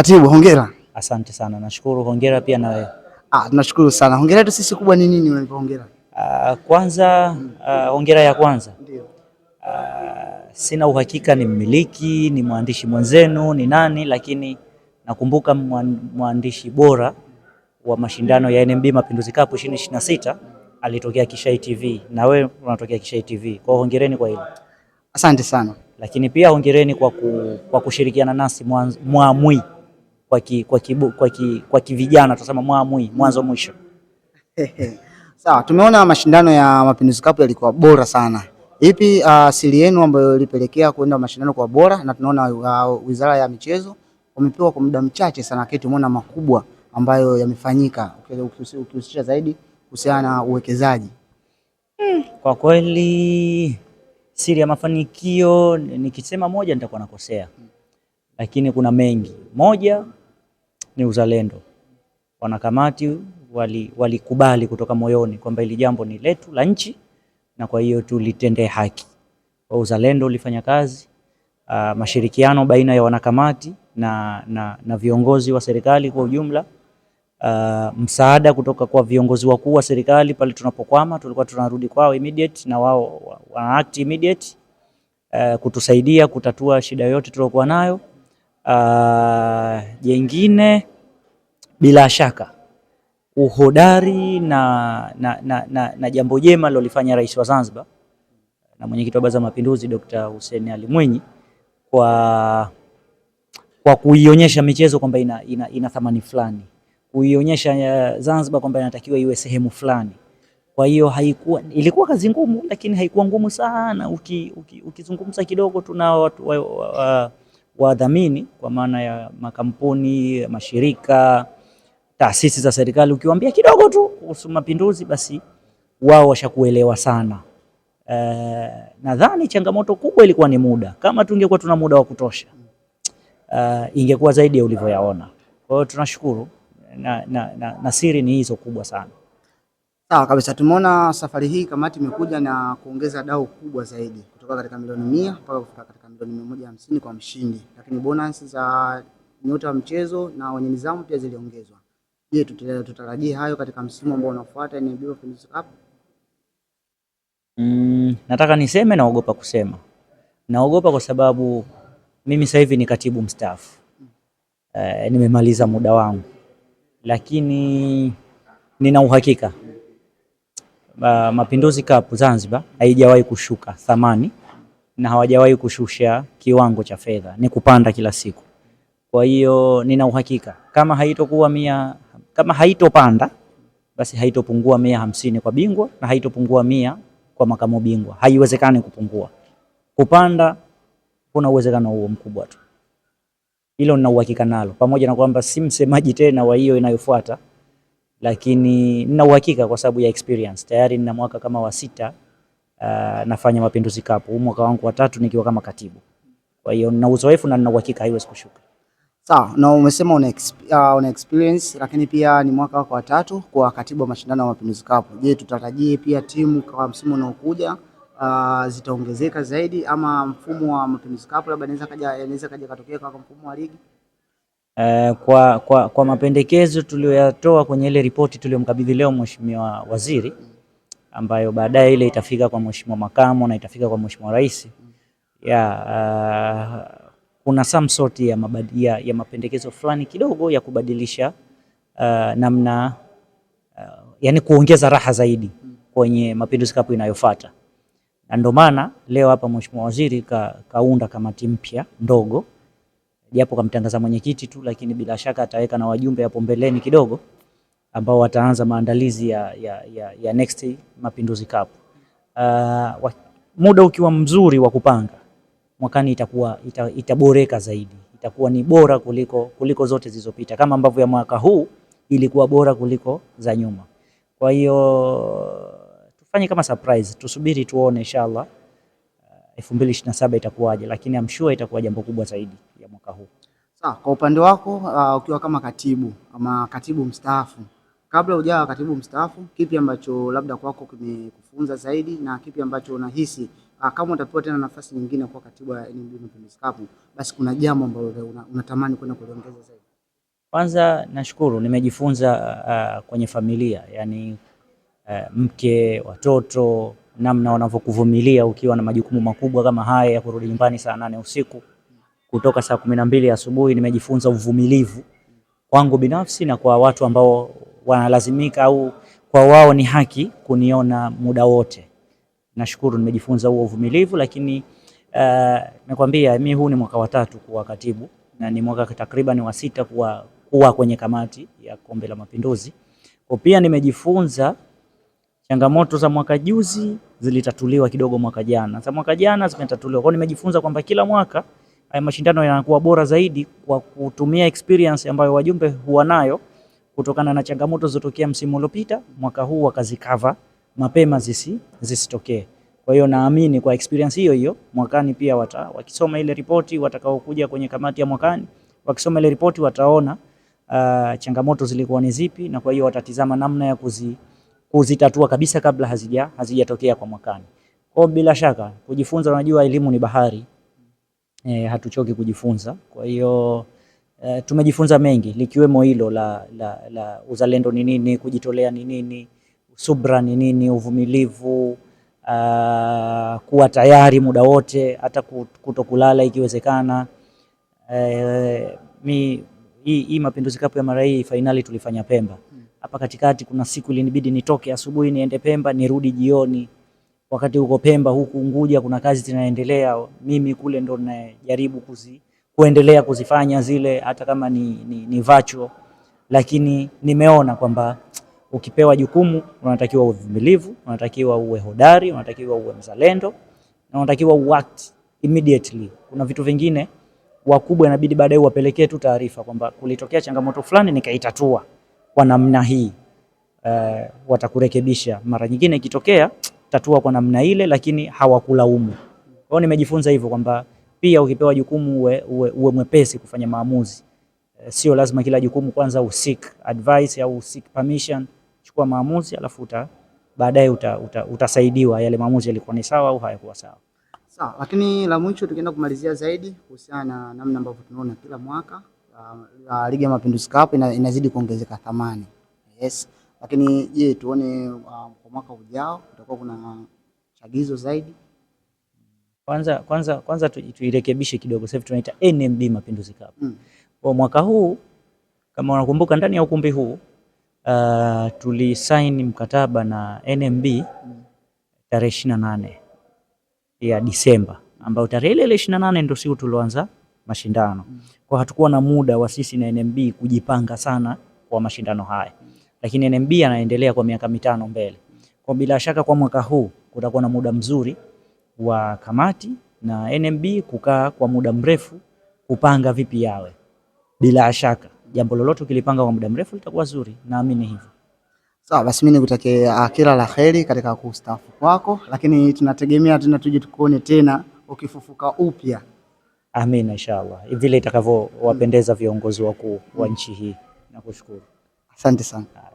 Katibu, hongera. Asante sana, nashukuru. Hongera pia na wewe. Ah, tunashukuru sana. Hongera yetu sisi kubwa ni nini hongera? Ah, kwanza ah, hongera ah, ya kwanza ndio. Ah, sina uhakika ni mmiliki ni mwandishi mwenzenu ni nani, lakini nakumbuka mwandishi bora wa mashindano ya NMB Mapinduzi Cup 2026 alitokea Kishai TV na we unatokea Kishai TV. Kwa hongereni kwa hilo. Asante sana. Lakini pia hongereni kwa, ku, kwa kushirikiana nasi mwa, mwa mwi kwa ki, kwa ki, kwa ki, kwa kivijana tutasema mwamwi mwanzo mwisho. Sawa, tumeona mashindano ya Mapinduzi Cup yalikuwa bora sana. Ipi uh, siri yenu ambayo ilipelekea kuenda mashindano kwa bora? Na tunaona uh, Wizara ya Michezo wamepewa kwa muda mchache sana, kitu tumeona makubwa ambayo yamefanyika, ukihusisha zaidi kuhusiana na uwekezaji hmm. Kwa kweli siri ya mafanikio nikisema moja nitakuwa nakosea, hmm. lakini kuna mengi. Moja ni uzalendo. Wanakamati walikubali wali kutoka moyoni kwamba hili jambo ni letu la nchi, na kwa hiyo tulitendee haki. Kwa uzalendo ulifanya kazi. Uh, mashirikiano baina ya wanakamati na, na, na viongozi wa serikali kwa ujumla uh, msaada kutoka kwa viongozi wakuu wa serikali pale tunapokwama, tulikuwa tunarudi kwao immediate na wao wana act immediate uh, kutusaidia kutatua shida yote tuliokuwa nayo uh, jengine bila shaka uhodari na, na, na, na, na jambo jema alilofanya Rais wa Zanzibar na mwenyekiti wa Baraza la Mapinduzi Dr. Hussein Ali Mwinyi kwa, kwa kuionyesha michezo kwamba ina, ina, ina thamani fulani, kuionyesha eh, Zanzibar kwamba inatakiwa iwe sehemu fulani. Kwa hiyo haikuwa, ilikuwa kazi ngumu, lakini haikuwa ngumu sana. Ukizungumza uki, uki kidogo, tuna wadhamini wa, wa, wa, kwa maana ya makampuni, mashirika taasisi za serikali ukiwaambia kidogo tu kuhusu mapinduzi, basi wao washakuelewa sana. E, nadhani changamoto kubwa ilikuwa ni muda. Kama tungekuwa tuna muda wa kutosha e, ingekuwa zaidi ya ulivyoyaona. Kwa hiyo tunashukuru na, na, na, na siri ni hizo kubwa sana. Sawa kabisa, tumeona safari hii kamati imekuja na kuongeza dau kubwa zaidi kutoka katika milioni mia mpaka kufika katika milioni mia moja hamsini kwa mshindi, lakini bonus za nyota wa mchezo na wenye nizamu pia ziliongezwa. Je, tutarajie hayo katika msimu ambao unafuata ni Finance Cup? Mm, nataka niseme, naogopa kusema. Naogopa kwa sababu mimi sasa hivi ni katibu mstaafu. E, nimemaliza muda wangu, lakini nina uhakika Uh, Mapinduzi Cup Zanzibar haijawahi kushuka thamani na hawajawahi kushusha kiwango cha fedha, ni kupanda kila siku. Kwa hiyo nina uhakika kama haitokuwa mia kama haitopanda basi haitopungua mia hamsini kwa bingwa na haitopungua mia kwa makamu bingwa. Haiwezekani kupungua. Kupanda kuna uwezekano huo mkubwa tu, hilo nina uhakika nalo, pamoja na kwamba si msemaji tena wa hiyo inayofuata, lakini nina uhakika kwa sababu ya experience tayari nina mwaka kama wa sita. Uh, nafanya Mapinduzi Cup huu mwaka wangu wa tatu nikiwa kama katibu, kwa hiyo nina uzoefu na nina uhakika haiwezi kushuka. Sawa, na umesema una, uh, una experience lakini pia ni mwaka wako wa tatu kwa katibu wa mashindano ya Mapinduzi Cup. Je, tutarajie pia timu kwa msimu unaokuja uh, zitaongezeka zaidi ama mfumo wa Mapinduzi Cup labda inaweza kaja inaweza kaja katokea kwa mfumo wa ligi? Uh, kwa, kwa, kwa mapendekezo tuliyoyatoa kwenye ile ripoti tuliyomkabidhi leo Mheshimiwa Waziri ambayo baadaye ile itafika kwa Mheshimiwa Makamu na itafika kwa Mheshimiwa Rais. Yeah, uh, kuna some sort ya, mabadia, ya mapendekezo fulani kidogo ya kubadilisha uh, namna uh, yani kuongeza raha zaidi kwenye Mapinduzi Cup inayofuata, na ndio maana leo hapa Mheshimiwa Waziri ka, kaunda kamati mpya ndogo, japo kamtangaza mwenyekiti tu, lakini bila shaka ataweka na wajumbe hapo mbeleni kidogo ambao wataanza maandalizi ya, ya, ya, ya next Mapinduzi Cup uh, muda ukiwa mzuri wa kupanga mwakani itakuwa ita, itaboreka zaidi, itakuwa ni bora kuliko, kuliko zote zilizopita, kama ambavyo ya mwaka huu ilikuwa bora kuliko za nyuma. Kwa hiyo tufanye kama surprise, tusubiri tuone, inshallah 2027 uh, itakuwaje, lakini I'm sure itakuwa jambo kubwa zaidi ya mwaka huu. Sawa, kwa upande wako uh, ukiwa kama katibu ama katibu mstaafu, kabla hujawa katibu mstaafu, kipi ambacho labda kwako kimekufunza zaidi na kipi ambacho unahisi Ah, kama utapewa tena nafasi nyingine kwa katibu wa NMB Mapinduzi Cup, basi kuna jambo ambalo unatamani kwenda kuliongeza zaidi? Kwanza nashukuru nimejifunza uh, kwenye familia yani uh, mke, watoto namna wanavyokuvumilia ukiwa na majukumu makubwa kama haya ya kurudi nyumbani saa nane usiku kutoka saa kumi na mbili asubuhi. Nimejifunza uvumilivu kwangu binafsi na kwa watu ambao wanalazimika au kwa wao ni haki kuniona muda wote nashukuru nimejifunza huo uvumilivu, lakini eh, nimekwambia uh, mimi huu ni mwaka wa tatu kuwa katibu na ni mwaka takriban wa sita kuwa, kuwa kwenye kamati ya Kombe la Mapinduzi. Kwa pia nimejifunza changamoto za mwaka juzi zilitatuliwa kidogo mwaka jana, za mwaka jana zimetatuliwa. Kwa nimejifunza kwamba kila mwaka haya eh, mashindano yanakuwa bora zaidi kwa kutumia experience ambayo wajumbe huwa nayo kutokana na changamoto zilizotokea msimu uliopita, mwaka huu wakazikava mapema zisitokee zisi. Kwa hiyo naamini kwa experience hiyo hiyo mwakani pia wata, wakisoma ile ripoti watakaokuja kwenye kamati ya mwakani wakisoma ile ripoti wataona uh, changamoto zilikuwa ni zipi, na kwa hiyo watatizama namna ya kuzi, kuzitatua kabisa kabla hazija hazijatokea kwa mwakani. Kwa bila shaka kujifunza, unajua elimu ni bahari e, hatuchoki kujifunza. Kwa hiyo e, tumejifunza mengi likiwemo hilo la, la, la uzalendo ni nini, kujitolea ni nini subra ni nini, uvumilivu, uh, kuwa tayari muda wote, hata kutokulala ikiwezekana. Uh, mi hii Mapinduzi Cup ya mara hii fainali tulifanya Pemba hapa katikati. Kuna siku ilinibidi nitoke asubuhi niende Pemba nirudi jioni, wakati huko Pemba huku Unguja kuna kazi zinaendelea, mimi kule ndo najaribu kuzi, kuendelea kuzifanya zile hata kama ni, ni, ni vacho, lakini nimeona kwamba ukipewa jukumu unatakiwa uvumilivu, unatakiwa uwe hodari, unatakiwa uwe mzalendo na unatakiwa uact immediately. Kuna vitu vingine wakubwa inabidi baadaye uwapelekee tu taarifa kwamba kulitokea changamoto fulani nikaitatua kwa namna hii. Uh, watakurekebisha. Mara nyingine ikitokea tatua kwa namna ile, lakini hawakulaumu. Kwa hiyo nimejifunza hivyo kwamba pia ukipewa jukumu uwe, uwe, uwe mwepesi kufanya maamuzi. Eh, sio lazima kila jukumu kwanza usik advice au usik permission chukua maamuzi alafu uta, baadaye uta, uta, utasaidiwa yale maamuzi yalikuwa ni sawa au hayakuwa sawa. Sawa, lakini la mwisho tukienda kumalizia zaidi kuhusiana na namna ambavyo tunaona kila mwaka uh, uh Ligi ya Mapinduzi Cup ina, inazidi kuongezeka thamani. Yes. Lakini je, tuone uh, kwa mwaka ujao kutakuwa kuna chagizo zaidi? Kwanza kwanza kwanza tuirekebishe tu kidogo, sasa tunaita NMB Mapinduzi Cup. Mm. Kwa mwaka huu kama unakumbuka ndani ya ukumbi huu uh, tulisaini mkataba na NMB tarehe ishirini na nane ya Disemba, ambayo tarehe ile ile ishirini na nane ndio siku tulioanza mashindano. Kwa hatukuwa na muda wa sisi na NMB kujipanga sana kwa mashindano haya, lakini NMB anaendelea kwa miaka mitano mbele. Kwa bila shaka kwa mwaka huu kutakuwa na muda mzuri wa kamati na NMB kukaa kwa muda mrefu kupanga vipi yawe bila shaka jambo lolote ukilipanga kwa muda mrefu litakuwa zuri, naamini hivyo. Sawa, basi mimi nikutakie ah, kila la heri katika kustaafu kwako, lakini tunategemea tena tuje tukuone tena ukifufuka upya. Amina, inshallah, vile itakavyowapendeza viongozi wakuu wa nchi hii. Nakushukuru, asante sana. Ah.